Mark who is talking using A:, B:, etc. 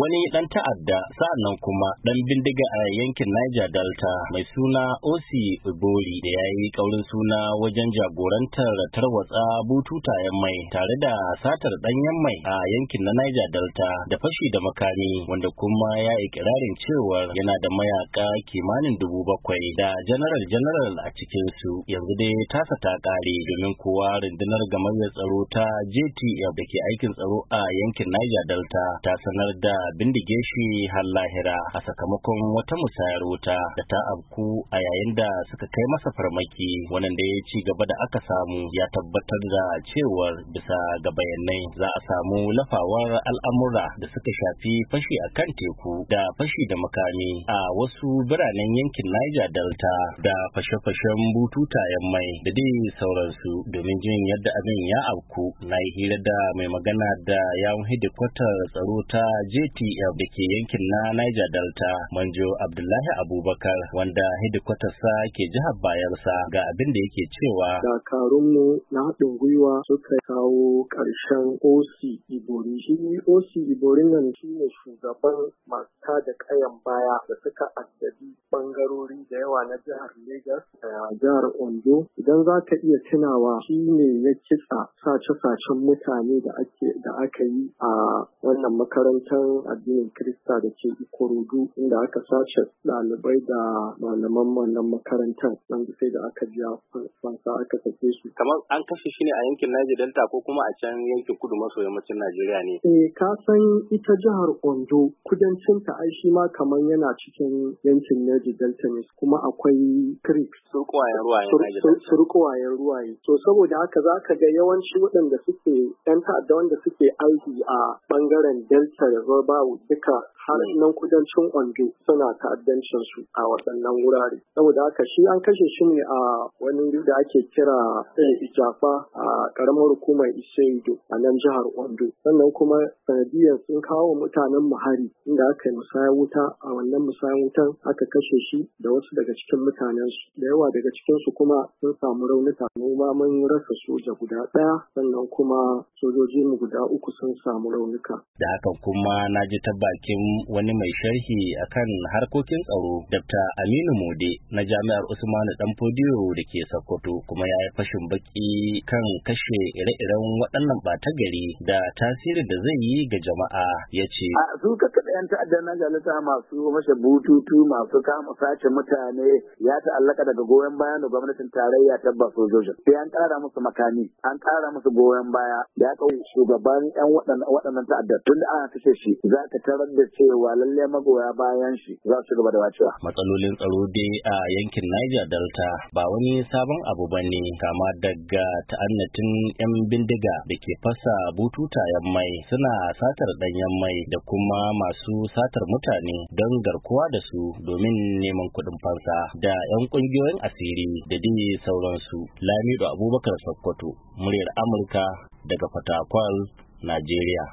A: wani dan ta'adda nan kuma dan bindiga a yankin Niger Delta mai suna Osi Ibori da ya yi kaurin suna wajen jagorantar tarwatsa yan mai tare da satar danyen mai a yankin na Niger Delta da fashi da makami wanda kuma ya ikirarin cewa yana da mayaka kimanin dubu bakwai da general general a cikin su yanzu dai tasa ta kare domin kowa rundunar gamayyar tsaro ta JTF da ke aikin tsaro a yankin Niger Delta ta sanar da bindige shi har lahira a sakamakon wata musayar wuta da ta afku a yayin da suka kai masa farmaki wannan da ya ci gaba da aka samu ya tabbatar da cewar bisa ga bayanai za a samu lafawar al'amura da suka shafi fashi a kan teku da fashi da makami a wasu biranen yankin Niger Delta da fashe-fashen yan mai da dai sauransu domin jin yadda abin ya afku na yi hira da mai magana da yawon hidikwatar tsaro ta JT ATL da ke yankin na Niger Delta Manjo Abdullahi Abubakar wanda hidikwatarsa ke jihar Bayelsa ga abin da yake cewa.
B: Dakarunmu na haɗin gwiwa suka kawo ƙarshen OC Ibori. Shi OC Ibori nan shi ne shugaban masu da ƙayan baya da suka addabi dawa na jihar Legas a jihar Ondo idan za ka iya tunawa shi ne ya kitsa sace-sacen mutane da ake da aka yi a wannan makarantar addinin Kirista da ke Ikorodu inda aka sace ɗalibai da malaman wannan makarantar don sai da aka biya fansa aka sake su. Kamar
A: an kashe shi ne a yankin Najeriya Delta ko kuma a can yankin kudu maso yammacin Najeriya ne.
B: Eh ka san ita jihar Ondo kudancinta ai shi ma kamar yana cikin yankin Niger Delta ne kuma akwai crisp surkuwayen ruwaye surkuwayen ruwaye to saboda haka za ka ga yawanci waɗanda suke ɗan ta'adda wanda suke aiki a ɓangaren delta da babu duka har hmm. nan kudancin ondo suna ta'addancin su a waɗannan wurare saboda haka shi an kashe shi ne a wani da ake kira eh, ijafa a karamar hukumar iseido a nan jihar ondo sannan kuma sanadiyar sun kawo mutanen muhari inda aka yi musayar wuta a wannan musayar wutan aka kashe shi da wasu daga cikin mutanen su da yawa yawa daga cikinsu kuma sun samu raunuka noma mun rasa soja guda ɗaya sannan kuma sojoji mu guda uku sun samu raunuka.
A: Da haka kuma na ji ta bakin wani mai sharhi akan harkokin tsaro Dr. Aminu Mode na Jami'ar Usmanu Danfodiyo da ke Sokoto kuma ya yi fashin baki kan kashe ire-iren waɗannan ɓata gari da tasirin da zai yi ga jama'a ya ce. A su kaka da 'yan ta'adda na galata masu mashe bututu masu kama sace mutane ya ta'allaka daga goyon baya da gwamnatin tarayya ta ba sojojin sai an ƙara musu makami an ƙara musu goyon baya da aka shugaban yan waɗannan ta'addar tun da ana kashe shi za ka tarar da cewa lalle magoya bayan shi za su gaba da wacewa. matsalolin tsaro dai a yankin niger delta ba wani sabon abu ba ne kama daga ta'annatin yan bindiga da ke fasa bututa yan mai suna satar ɗanyen mai da kuma masu satar mutane don garkuwa da su domin neman kuɗin fansa da yan ƙungiyoyin asiri da dai sauransu lamido abubakar sokoto muryar amurka daga fatakwal najeriya